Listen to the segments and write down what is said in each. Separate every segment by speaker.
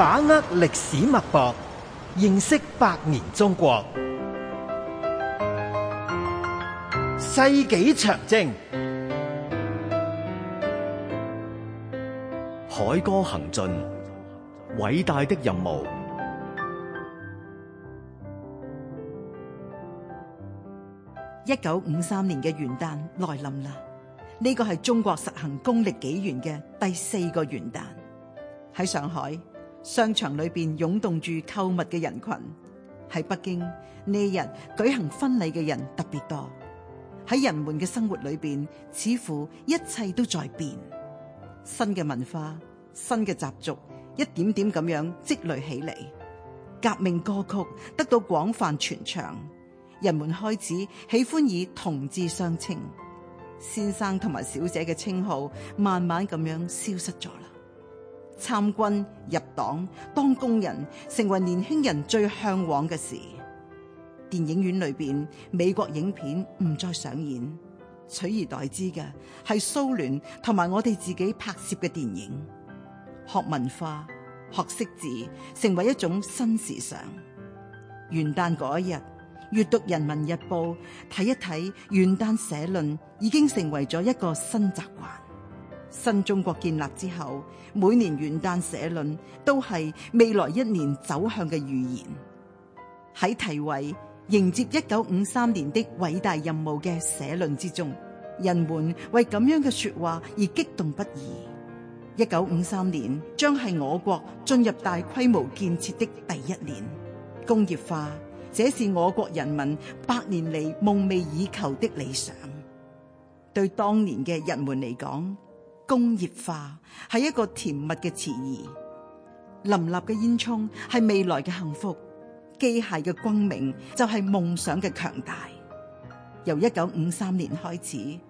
Speaker 1: 把握歷史脈搏，認識百年中國。世紀長征，凱歌行進，偉大的任務。
Speaker 2: 一九五三年嘅元旦來臨啦！呢個係中國實行公曆紀元嘅第四個元旦，喺上海。商場裏邊湧動住購物嘅人群，喺北京呢日舉行婚禮嘅人特別多。喺人們嘅生活裏邊，似乎一切都在變，新嘅文化、新嘅習俗，一點點咁樣積累起嚟。革命歌曲得到廣泛傳唱，人們開始喜歡以同志相稱，先生同埋小姐嘅稱號慢慢咁樣消失咗啦。參軍入黨當工人，成為年輕人最向往嘅事。電影院裏邊，美國影片唔再上演，取而代之嘅係蘇聯同埋我哋自己拍攝嘅電影。學文化、學識字，成為一種新時尚。元旦嗰一日，閱讀《人民日報》，睇一睇元旦社論，已經成為咗一個新習慣。新中國建立之後，每年元旦社論都係未來一年走向嘅預言。喺題為迎接一九五三年的偉大任務嘅社論之中，人們為咁樣嘅說話而激動不已。一九五三年將係我國進入大規模建設的第一年，工業化，這是我國人民百年嚟夢寐以求的理想。對當年嘅人們嚟講，工業化係一個甜蜜嘅詞語，林立嘅煙囪係未來嘅幸福，機械嘅光明就係、是、夢想嘅強大。由一九五三年開始，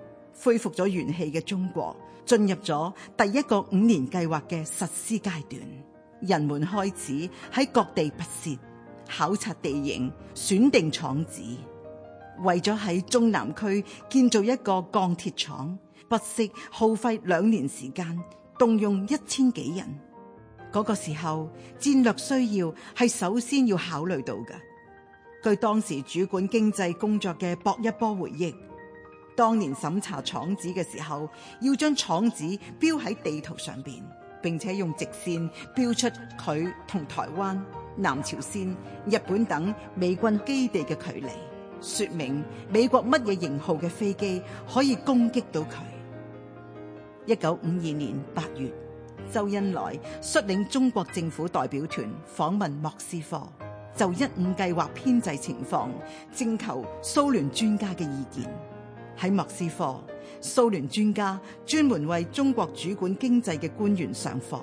Speaker 2: 恢復咗元氣嘅中國，進入咗第一個五年計劃嘅實施階段，人們開始喺各地跋涉，考察地形，選定廠址，為咗喺中南區建造一個鋼鐵廠。不惜耗費兩年時間，動用一千幾人。嗰、那個時候戰略需要係首先要考慮到嘅。據當時主管經濟工作嘅薄一波回憶，當年審查廠址嘅時候，要將廠址標喺地圖上邊，並且用直線標出佢同台灣、南朝鮮、日本等美軍基地嘅距離，說明美國乜嘢型號嘅飛機可以攻擊到佢。一九五二年八月，周恩來率領中國政府代表團訪問莫斯科，就一五計劃編制情況徵求蘇聯專家嘅意見。喺莫斯科，蘇聯專家專門為中國主管經濟嘅官員上課，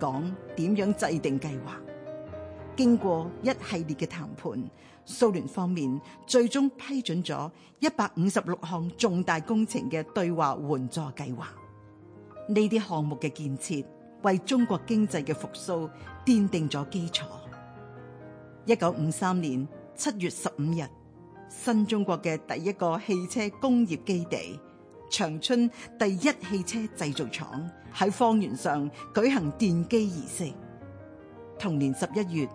Speaker 2: 講點樣制定計劃。經過一系列嘅談判，蘇聯方面最終批准咗一百五十六項重大工程嘅對華援助計劃。呢啲項目嘅建設，為中國經濟嘅復蘇奠定咗基礎。一九五三年七月十五日，新中國嘅第一個汽車工業基地——長春第一汽車製造廠，喺荒原上舉行奠基儀式。同年十一月，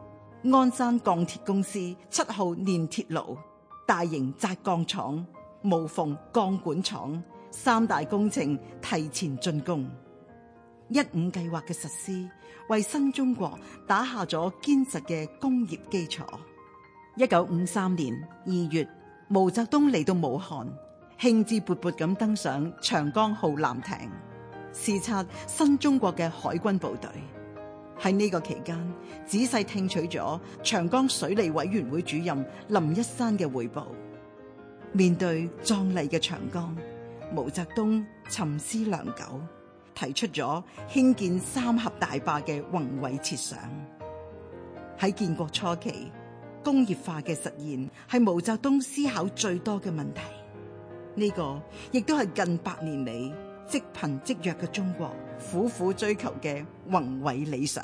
Speaker 2: 鞍山鋼鐵公司七號煉鐵爐、大型軋鋼廠、無縫鋼管廠。三大工程提前竣工。一五計劃嘅實施，為新中國打下咗堅實嘅工業基礎。一九五三年二月，毛澤東嚟到武漢，興致勃勃咁登上長江號艦艇，視察新中國嘅海軍部隊。喺呢個期間，仔細聽取咗長江水利委員會主任林一山嘅匯報。面對壯麗嘅長江。毛澤東沉思良久，提出咗興建三峽大壩嘅宏偉設想。喺建國初期，工業化嘅實現係毛澤東思考最多嘅問題。呢個亦都係近百年嚟積貧積弱嘅中國苦苦追求嘅宏偉理想。